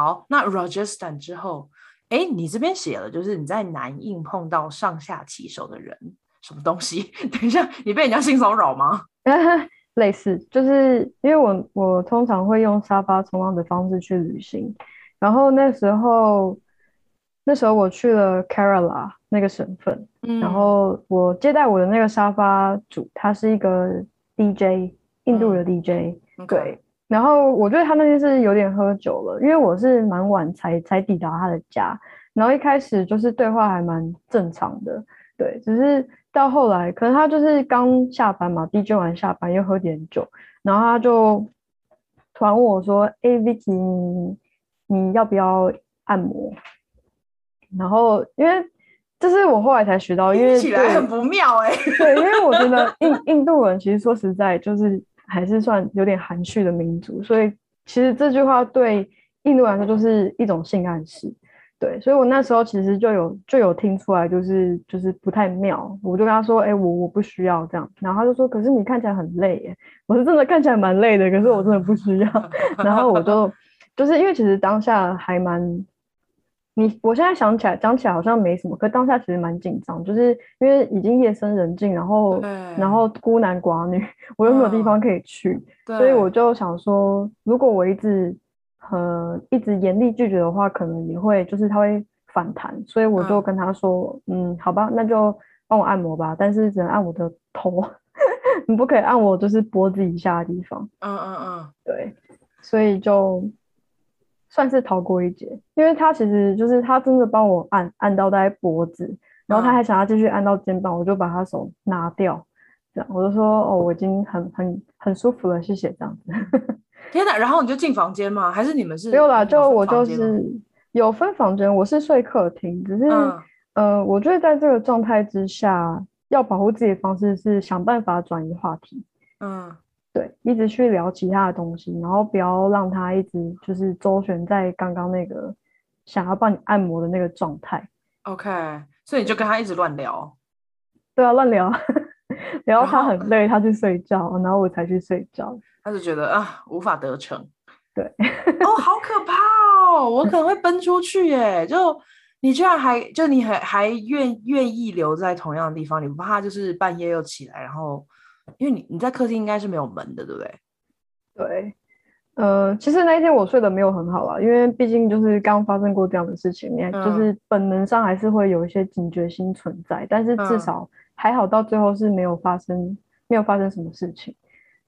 好，那 Rajasthan 之後，哎，你這邊寫了，就是你在南印碰到上下其手的人，什麼東西？等一下，你被人家性騷擾嗎？ [LAUGHS] 類似，就是因為我我通常會用沙發衝浪的方式去旅行，然後那時候那時候我去了 Kerala 那個省份，嗯、然後我接待我的那個沙發主，他是一個 DJ，印度的 DJ，、嗯、對。Okay. 然後我覺得他那天是有點喝酒了，因為我是蠻晚才才抵達他的家，然後一開始就是對話還蠻正常的，對，只是到後來可能他就是剛下班嘛，DJ 完下班又喝點酒，然後他就突然問我說：“哎、 [LAUGHS] 欸，Vicky，你要不要按摩？”然後因為這是我後來才學到，因為聽起來很不妙，哎、欸， [LAUGHS] 對，因為我覺得印印，印度人其實說實在就是。還是算有點含蓄的民族，所以其實這句話對印度來說就是一種性暗示，對，所以我那時候其實就有就有聽出來，就是就是不太妙，我就跟他說，哎、欸，我我不需要這樣，然後他就說，可是你看起來很累耶，我是真的看起來蠻累的，可是我真的不需要，然後我就就是因為其實當下還蠻。你我現在想起來講起來好像沒什麼，可當下其實蠻緊張，就是因為已經夜深人靜，然後對然後孤男寡女，我又沒有地方可以去，嗯、所以我就想說，如果我一直呃一直嚴厲拒絕的話，可能也會就是他會反彈，所以我就跟他說，嗯，嗯，好吧，那就幫我按摩吧，但是只能按我的頭， [LAUGHS] 你不可以按我就是脖子以下的地方，嗯嗯嗯，對，所以就。算是逃過一劫，因為他其實，就是他真的幫我按，按到在脖子，然後他還想要繼續按到肩膀，我就把他手拿掉，這樣，我就說哦，我已經很很很舒服了，謝謝這樣子。 [LAUGHS] 天哪！然後你就進房間嗎？還是你們是沒有啦？就我就是有分，有分房間，我是睡客廳，只是、嗯、呃，我覺得在這個狀態之下，要保護自己的方式是想辦法轉移話題。嗯。對，一直去聊其他的東西，然後不要讓他一直就是周旋在剛剛那個想要幫你按摩的那個狀態。OK，所以你就跟他一直亂聊。對啊，亂聊， [LAUGHS] 然後他很累，後他去睡覺，然後我才去睡覺。他就覺得啊、呃，無法得逞。對， [LAUGHS] 哦，好可怕哦，我可能會奔出去耶！就你居然還就你還還願願意留在同樣的地方，你不怕就是半夜又起來，然後？因為你你在客廳應該是沒有門的，對不對？對，呃，其實那一天我睡得沒有很好啊，因為畢竟就是剛發生過這樣的事情，嗯、就是本能上還是會有一些警覺心存在，但是至少還好，到最後是沒有發生，嗯、沒有發生什麼事情。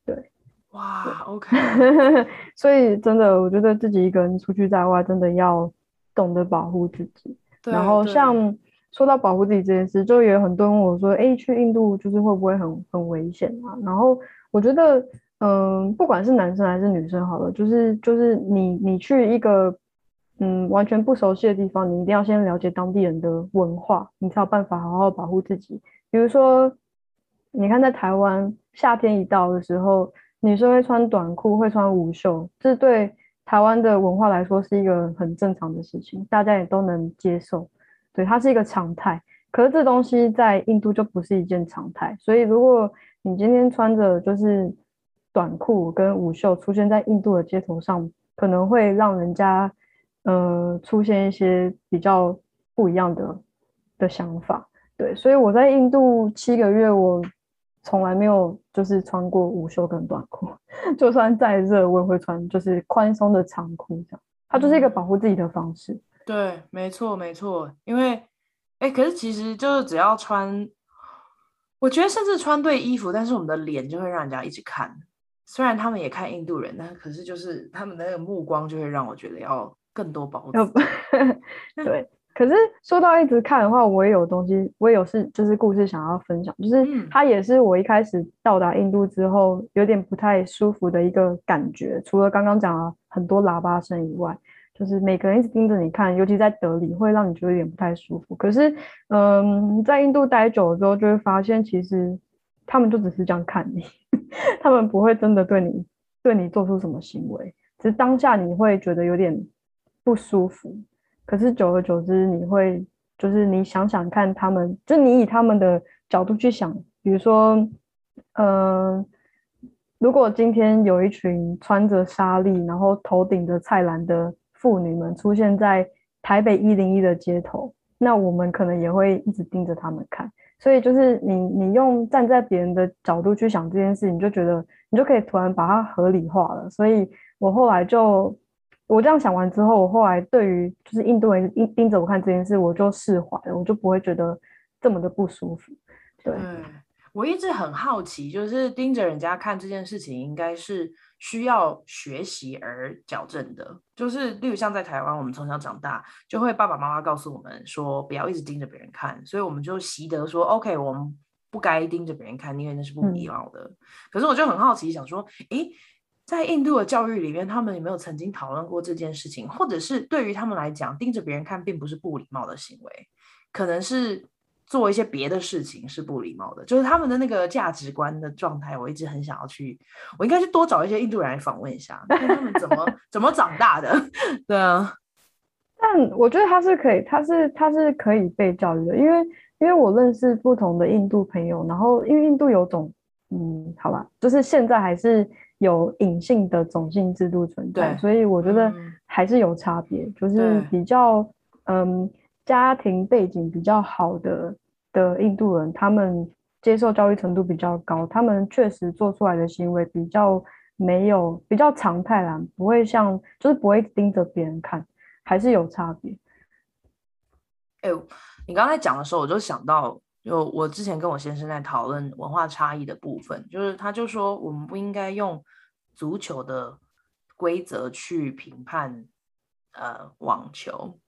對，哇對，OK， [LAUGHS] 所以真的，我覺得自己一個人出去在外，真的要懂得保護自己，對然後像對。說到保護自己這件事，就有很多人問我說：“哎，去印度就是會不會很很危險啊？”然後我覺得，嗯、呃，不管是男生還是女生，好了，就是就是你你去一個嗯完全不熟悉的地方，你一定要先了解當地人的文化，你才有辦法好好保護自己。比如說，你看在台灣夏天一到的時候，女生會穿短褲，會穿無袖，這對台灣的文化來說是一個很正常的事情，大家也都能接受。對，它是一個常態。可是這東西在印度就不是一件常態，所以如果你今天穿着就是短褲跟無袖出現在印度的街頭上，可能會讓人家呃出現一些比較不一樣的的想法。對，所以我在印度七個月，我從來沒有就是穿過無袖跟短褲，就算再熱，我也會穿就是寬鬆的長褲這樣。它就是一個保護自己的方式。對，沒錯，沒錯。因為，哎，可是其實就是只要穿，我覺得甚至穿對衣服，但是我們的臉就會讓人家一直看。雖然他們也看印度人，但可是就是他們的那個目光就會讓我覺得要更多保護、哦。對， [LAUGHS] 可是說到一直看的話，我也有東西，我也有事，就是故事想要分享，就是它也是我一開始到達印度之後有點不太舒服的一個感覺，除了剛剛講了很多喇叭聲以外。就是每個人一直盯着你看，尤其在德里，會讓你覺得有點不太舒服。可是，嗯，在印度待久了之後，就會發現其實他們就只是這樣看你，他們不會真的對你對你做出什麼行為。只是當下你會覺得有點不舒服，可是久而久之，你會就是你想想看，他們就你以他們的角度去想，比如說，嗯、呃，如果今天有一群穿着紗麗，然後頭頂着菜籃的。婦女們出現在台北一零一的街頭，那我們可能也會一直盯着他們看。所以就是你、你用站在別人的角度去想這件事，你就覺得你就可以突然把它合理化了。所以我後來就，我這樣想完之後，我後來對於就是印度人盯、盯着我看這件事，我就釋懷了，我就不會覺得這麼的不舒服。對。嗯，我一直很好奇，就是盯着人家看這件事情，應該是。需要學習而矯正的，就是例如像在台灣，我們從小長大就會爸爸媽媽告訴我們說，不要一直盯着別人看，所以我們就習得說，OK，我們不該盯着別人看，因為那是不禮貌的。嗯。可是我就很好奇，想說，誒、欸，在印度的教育裡面，他們有沒有曾經討論過這件事情，或者是對於他們來講，盯着別人看並不是不禮貌的行為，可能是？做一些別的事情是不禮貌的，就是他們的那個價值觀的狀態，我一直很想要去，我應該去多找一些印度人來訪問一下，看他們怎麼 [LAUGHS] 怎麼長大的。對啊，但我覺得他是可以，他是他是可以被教育的，因為因為我認識不同的印度朋友，然後因為印度有種，嗯，好吧，就是現在還是有隱性的種姓制度存在，對所以我覺得還是有差別，嗯、就是比較對嗯。家庭背景比較好的的印度人，他們接受教育程度比較高，他們確實做出來的行為比較沒有比較常態啦，不會像就是不會盯着別人看，還是有差別。哎、欸，你剛才講的時候，我就想到，就我之前跟我先生在討論文化差異的部分，就是他就說我們不應該用足球的規則去評判呃網球。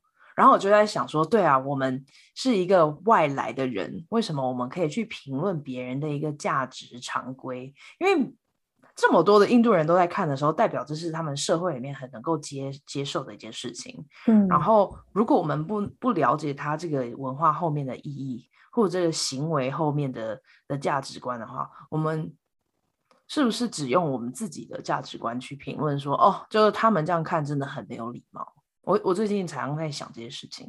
然後我就在想說，對啊，我們是一個外來的人，為什麼我們可以去評論別人的一個價值常規？因為這麼多的印度人都在看的時候，代表這是他們社會裡面很能夠接接受的一件事情。嗯，然後如果我們不不了解他這個文化後面的意義，或者這個行為後面的的價值觀的話，我們是不是只用我們自己的價值觀去評論說，哦，就是他們這樣看真的很沒有禮貌？我我最近常常在想這些事情，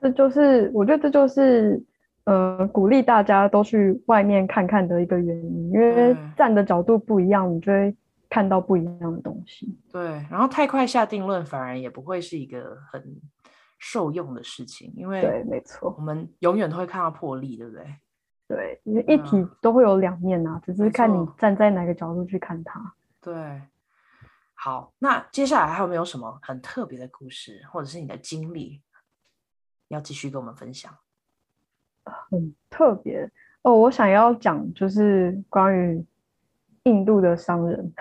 這就是我覺得這就是，呃，鼓勵大家都去外面看看的一個原因，因為站的角度不一樣，對你就會看到不一樣的東西。對，然後太快下定論，反而也不會是一個很受用的事情，因為對，沒錯，我們永遠都會看到破例，對不對？對，因為一體都會有兩面吶、啊，只是看你站在哪個角度去看它。對。好，那接下來還有沒有什麼很特別的故事，或者是你的經歷，要繼續跟我們分享？很特別哦，我想要講就是關於印度的商人。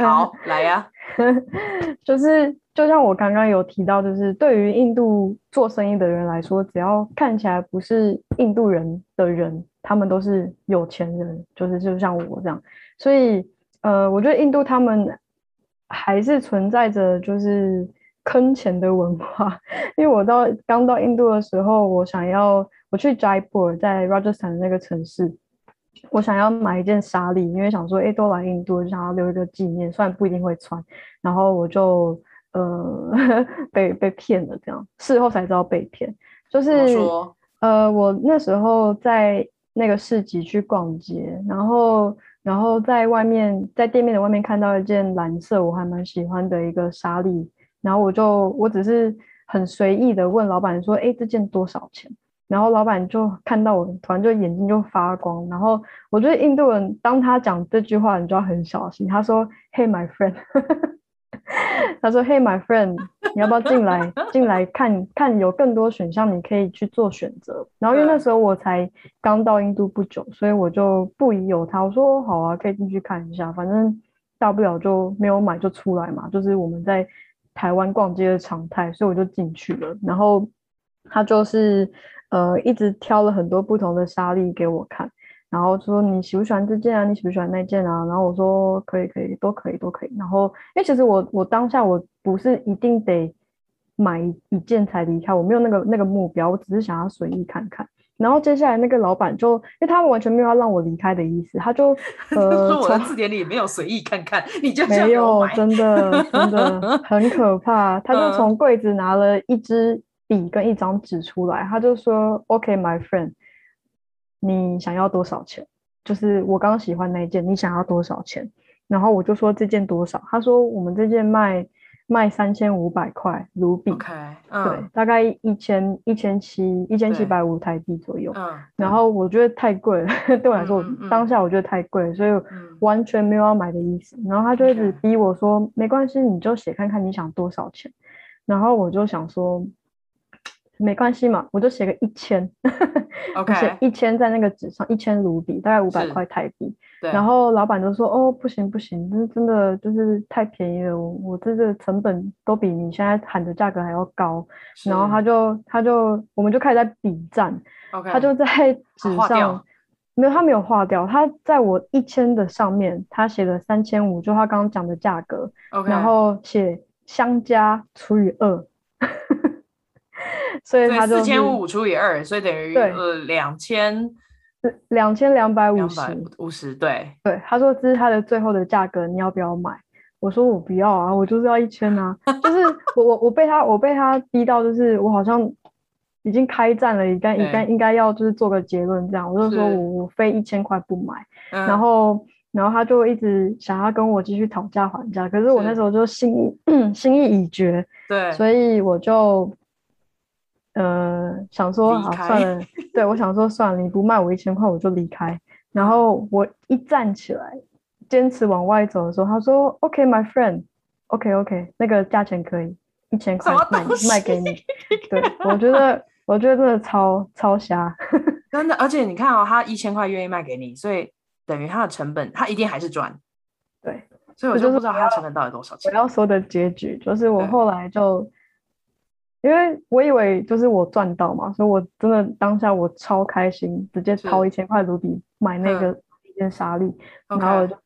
好，來呀，啊， [LAUGHS] 就是就像我剛剛有提到，就是對於印度做生意的人來說，只要看起來不是印度人的人，他們都是有錢人，就是就像我這樣。所以，呃，我覺得印度他們。還是存在着就是坑錢的文化，因為我到剛到印度的時候，我想要我去 Jaipur，在 Rajasthan 的那個城市，我想要買一件紗麗，因為想說，哎，都來印度，就想要留一個紀念，雖然不一定會穿。然後我就呃被被騙了，這樣事後才知道被騙。就是說呃，我那時候在那個市集去逛街，然後。然後在外面，在店面的外面看到一件藍色，我還蠻喜歡的一個紗麗，然後我就我只是很隨意的問老板說：“哎，這件多少錢？”然後老板就看到我，突然就眼睛就發光。然後我覺得印度人當他講這句話，你就要很小心。他說：“Hey, my friend。 [LAUGHS] ”他說嘿，Hey my friend，你要不要進來進來看看，有更多選項，你可以去做選擇。然後因為那時候我才剛到印度不久，所以我就不疑有他。我說好啊，可以進去看一下，反正大不了就沒有買就出來嘛，就是我們在台灣逛街的常態。所以我就進去了，然後他就是呃一直挑了很多不同的沙粒給我看。”然後說，你喜不喜歡這件啊？你喜不喜歡那件啊？然後我說可以可以，都可以都可以，都可以。然後因為其實我我當下我不是一定得買一件才離開，我沒有那個那個目標，我只是想要隨意看看。然後接下來那個老闆就，因為他們完全沒有要讓我離開的意思，他就、呃、 [LAUGHS] 說我的字典裡沒有隨意看看，你就沒有真的，真的 [LAUGHS] 很可怕。他就從櫃子拿了一支筆跟一張紙出來，他就說 [LAUGHS] OK，my friend。你想要多少錢？就是我剛剛喜歡那一件，你想要多少錢？然後我就說這件多少？他說我們這件賣賣三千五百塊盧比，Ruby, Okay. 對，uh. 大概一千一千七一千七百五台幣左右。Uh. 然後我覺得太貴了，uh. [LAUGHS] 對我來說，mm hmm. 當下我覺得太貴，所以完全沒有要買的意思。Mm hmm. 然後他就一直逼我說 Okay. 沒關係，你就寫看看你想多少錢。然後我就想說。沒關係嘛，我就寫個一千，Okay. 寫一千在那個紙上，一千盧比大概五百塊台幣。對。然後老闆就說：“哦，不行不行，這真的就是太便宜了，我我這個成本都比你現在喊的價格還要高。是”然後他就他就我們就開始在筆戰，Okay. 他就在紙上沒有他沒有劃掉，他在我一千的上面，他寫了三千五，就他剛剛講的價格。OK。然後寫相加除以二。所以他就四千五除以二，所以等於對，兩千兩千兩百五十五十對對。他說，這是他的最後的價格，你要不要買？我說我不要啊，我就是要一千啊， [LAUGHS] 就是我我我被他我被他逼到，就是我好像已經開戰了，對應該應該應該要就是做個結論這樣，我就說我是我非一千塊不買，嗯、然後然後他就一直想要跟我繼續討價還價，可是我那時候就心意是 [COUGHS] 心意已決，對，所以我就。呃，想說好開、啊、算了，對，我想說算了，你不賣我一千塊，我就離開。然後我一站起來，堅持往外走的時候，他說：“OK，my friend，OK，OK，那個價錢可以一千塊賣賣給你。”對我覺得， [LAUGHS] 我覺得真的超超瞎，真的。而且你看哦，他一千塊願意賣給你，所以等於他的成本，他一定還是賺。對，所以我就不知道他的成本到底多少錢。我,我要說的結局就是，我後來就。因為我以為就是我賺到嘛，所以我真的當下我超開心，直接掏一千塊盧比買那個一、嗯、那件紗麗，然後我就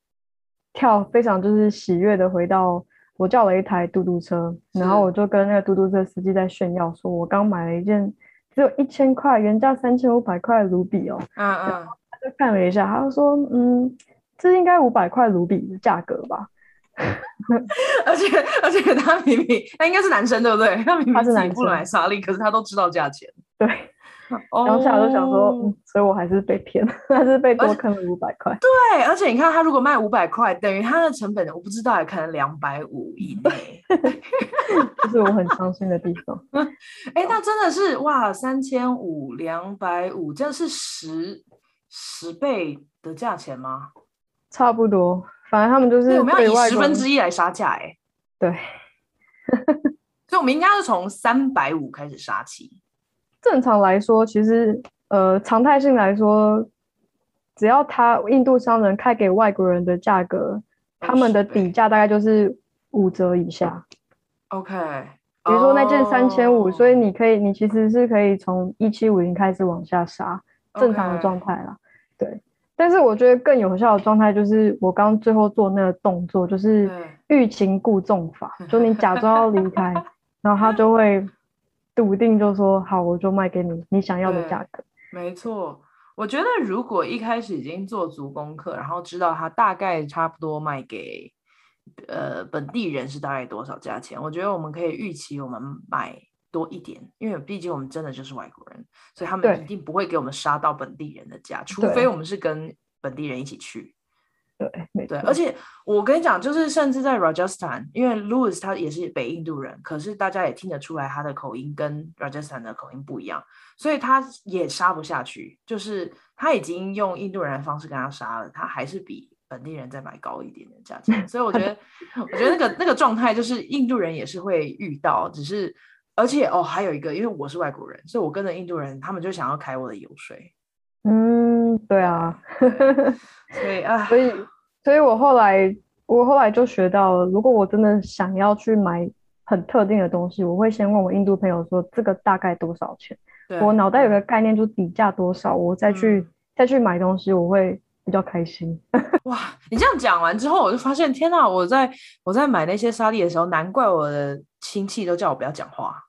跳非常就是喜悅的回到，我叫了一台嘟嘟車，是然後我就跟那個嘟嘟車司機在炫耀說，我剛買了一件只有一千塊，原價三千五百塊盧比哦，嗯，然後他就看了一下，他就說，嗯，這應該五百塊盧比的價格吧。 [LAUGHS] [LAUGHS] 而且而且他明明他應該是男生對不對？他明明自己不能買紗麗，是可是他都知道價錢。對， [LAUGHS] 喔、然後大都想說，所以我還是被騙了，但是被多坑了五百塊。對，而且你看他如果賣五百塊，等於他的成本，我不知道，可能兩百五以內。這 [LAUGHS] [LAUGHS] 是我很傷心的地方。哎、 [LAUGHS] 欸，那真的是哇，三千五兩百五，這樣是十十倍的價錢嗎？差不多。反正他們就是以我們要十分之一來殺價誒。對， [LAUGHS] 所以我們應該是從三百五開始殺起。正常來說，其實呃，常態性來說，只要他印度商人開給外國人的價格，哦、他們的底價大概就是五折以下。OK，比如說那件三千五，所以你可以，你其實是可以從一七五零開始往下殺，正常的狀態啦。Okay. 對。但是我覺得更有效的狀態就是我剛，剛最後做那個動作，就是欲擒故縱法，對就你假裝要離開， [LAUGHS] 然後他就會篤定就說：“好，我就賣給你你想要的價格。”沒錯，我覺得如果一開始已經做足功課，然後知道他大概差不多賣給呃本地人是大概多少價錢，我覺得我們可以預期我們買。多一點，因為畢竟我們真的就是外國人，所以他們一定不會給我們殺到本地人的價，對除非我們是跟本地人一起去。對對，而且我跟你講，就是甚至在 Rajasthan，因為 Louis 他也是北印度人，可是大家也聽得出來他的口音跟 Rajasthan 的口音不一樣，所以他也殺不下去。就是他已經用印度人的方式跟他殺了，他還是比本地人再買高一點點價錢。所以我覺得， [LAUGHS] 我覺得那個那個狀態就是印度人也是會遇到，只是。而且哦，還有一個，因為我是外國人，所以我跟着印度人，他們就想要開我的油水。嗯，對啊， [LAUGHS] 所以啊，所以，所以我後來，我後來就學到了，如果我真的想要去買很特定的東西，我會先問我印度朋友說，這個大概多少錢，對我腦袋有個概念，就底價多少，我再去、嗯、再去買東西，我會比較開心。 [LAUGHS] 哇，你這樣講完之後，我就發現，天哪、啊，我在我在買那些紗麗的時候，難怪我的親戚都叫我不要講話。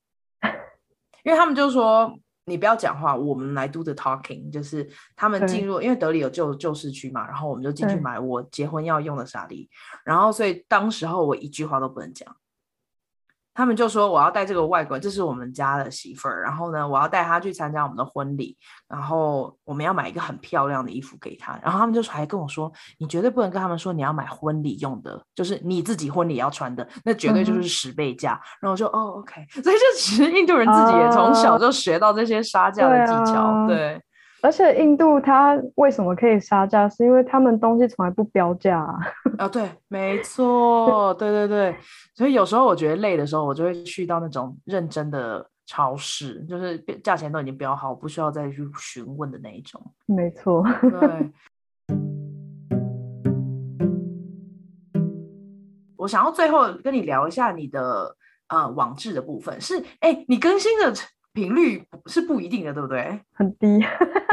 因為他們就說，你不要講話，我們來 do the talking。就是他們進入，嗯、因為德里有舊舊市區嘛，然後我們就進去買我結婚要用的紗麗，嗯、然後所以當時候我一句話都不能講。他們就說我要帶這個外國，這是我們家的媳婦兒。然後呢，我要帶她去參加我們的婚禮。然後我們要買一個很漂亮的衣服給她。然後他們就說還跟我說，你絕對不能跟他們說你要買婚禮用的，就是你自己婚禮要穿的，那絕對就是十倍價。嗯、然後我就哦，OK。所以這其實印度人自己也從小就學到這些殺價的技巧，uh, 對。而且印度它為什麼可以殺價，是因為他們東西從來不標價啊！啊、對，沒錯， [LAUGHS] 對對對。所以有時候我覺得累的時候，我就會去到那種認真的超市，就是價錢都已經標好，不需要再去詢問的那一種。沒錯 錯，對。 [LAUGHS] 我想要最後跟你聊一下你的呃網誌的部分，是哎、欸，你更新的頻率是不一定的，對不對？很低。 [LAUGHS]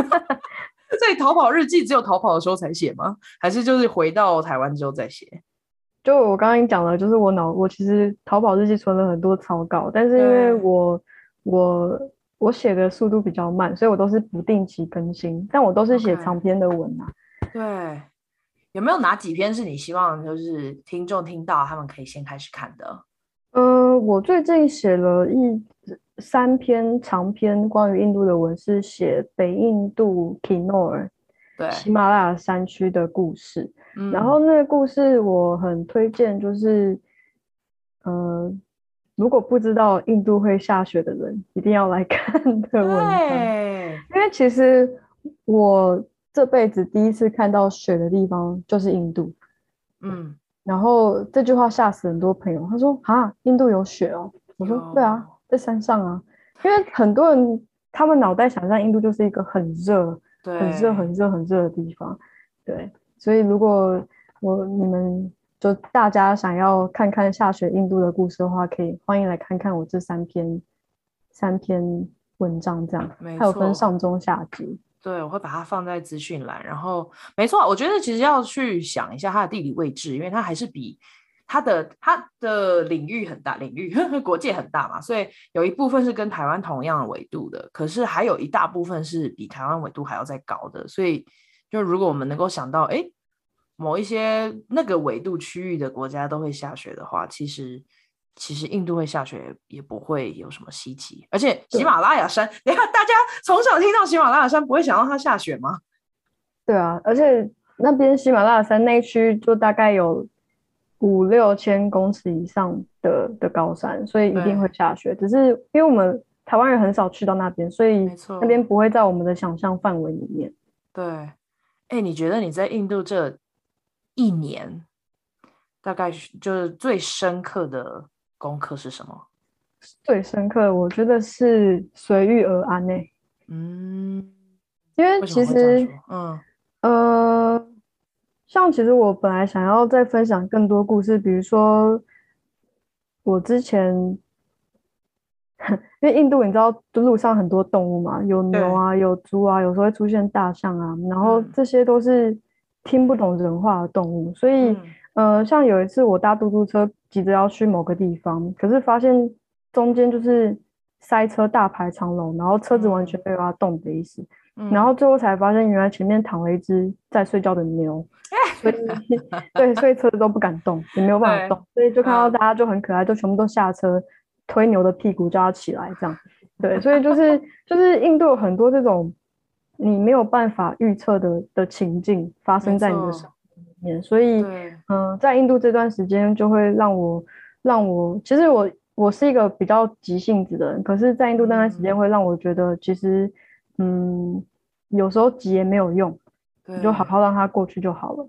在 [LAUGHS] [LAUGHS] 逃跑日記，只有逃跑的時候才寫嗎？還是就是回到台灣之後再寫？就我剛剛講了，就是我腦我其實逃跑日記存了很多草稿，但是因為我對我我寫的速度比較慢，所以我都是不定期更新。但我都是寫長篇的文啊。Okay. 對，有沒有哪幾篇是你希望就是聽眾聽到，他們可以先開始看的？呃，我最近寫了一。三篇長篇關於印度的文是寫北印度 Kinaur，對喜馬拉雅山區的故事。嗯、然後那個故事我很推薦，就是、呃，如果不知道印度會下雪的人一定要來看的文章。對，因為其實我這輩子第一次看到雪的地方就是印度。嗯，然後這句話嚇死很多朋友，他說：“啊，印度有雪哦！”我說：“ oh. 對啊。”在山上啊，因為很多人他們腦袋想象印度就是一個很熱、對很熱、很熱、很熱的地方，對。所以如果我你們就大家想要看看下雪印度的故事的話，可以歡迎來看看我這三篇三篇文章這樣，錯還有分上中下集。對，我會把它放在資訊欄。然後，沒錯，我覺得其實要去想一下它的地理位置，因為它還是比。它的它的領域很大，領域呵呵國界很大嘛，所以有一部分是跟台灣同樣的緯度的，可是還有一大部分是比台灣緯度還要再高的，所以就如果我們能夠想到，誒、欸，某一些那個緯度區域的國家都會下雪的話，其實其實印度會下雪也不會有什麼稀奇，而且喜馬拉雅山，你看對大家從小聽到喜馬拉雅山，不會想到它下雪嗎？對啊，而且那邊喜馬拉雅山那區就大概有。五六千公尺以上的的高山，所以一定會下雪。對只是因為我們台灣人很少去到那邊，所以那邊不會在我們的想象範圍裡面。對，哎，你覺得你在印度這一年，大概就是最深刻的功課是什麼？最深刻，我覺得是隨遇而安呢、欸。嗯，因為其實，嗯，呃。像其實我本來想要再分享更多故事，比如說我之前，因為印度你知道路上很多動物嘛，有牛啊，有豬啊，有時候會出現大象啊，對然後這些都是聽不懂人話的動物，所以、嗯、呃，像有一次我搭嘟嘟車，急着要去某個地方，可是發現中間就是塞車大排長龍，然後車子完全沒有要動的意思。然後最後才發現，原來前面躺了一隻在睡覺的牛。 [LAUGHS] 所以對，所以車子都不敢動，也沒有辦法動。 [LAUGHS] 所以就看到大家就很可愛，就全部都下車 [LAUGHS] 推牛的屁股，叫它起來。這樣，對，所以就是就是印度有很多這種你沒有辦法預測的的情境發生在你的生活裡面。錯所以，嗯對、呃，在印度這段時間，就會讓我讓我其實我我是一個比較急性子的人，可是，在印度那段時間，會讓我覺得其實。嗯，有時候急也沒有用，對你就好好讓它過去就好了。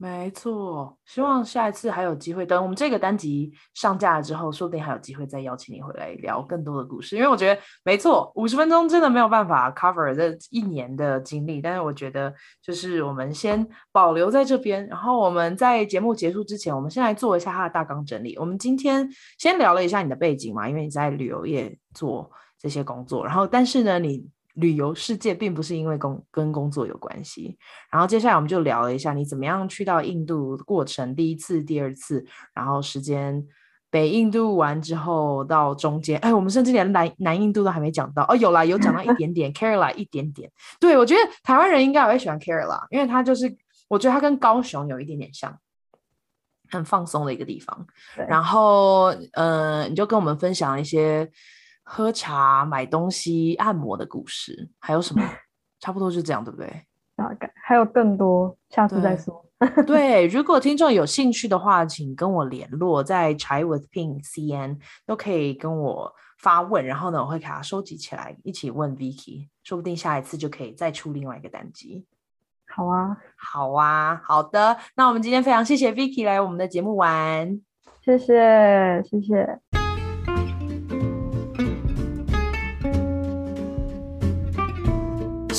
沒錯，希望下一次還有機會。等我們這個單集上架了之後，說不定還有機會再邀請你回來聊更多的故事。因為我覺得沒錯，五十分鐘真的沒有辦法 cover 這一年的經歷。但是我覺得，就是我們先保留在這邊。然後我們在節目結束之前，我們先來做一下它的大綱整理。我們今天先聊了一下你的背景嘛，因為你在旅遊業做這些工作，然後但是呢，你。旅遊世界並不是因為工跟工作有關係，然後接下來我們就聊了一下你怎麼樣去到印度的過程，第一次、第二次，然後時間北印度玩之後到中間，哎，我們甚至連南南印度都還沒講到哦，有啦，有講到一點點，Kerala [LAUGHS] 一點點。對我覺得台灣人應該也會喜歡 Kerala，因為他就是我覺得他跟高雄有一點點像，很放鬆的一個地方。對然後，嗯、呃，你就跟我們分享一些。喝茶、買東西、按摩的故事，還有什麼？ [LAUGHS] 差不多就這樣，對不對？大概還有更多，下次再說。對， [LAUGHS] 對，如果聽眾有興趣的話，請跟我聯絡，在 Chai with Ping CN 都可以跟我發問，然後呢，我會給它收集起來，一起問 Vicky，說不定下一次就可以再出另外一個單集。好啊，好啊，好的。那我們今天非常謝謝 Vicky 來我們的節目玩，謝謝，謝謝。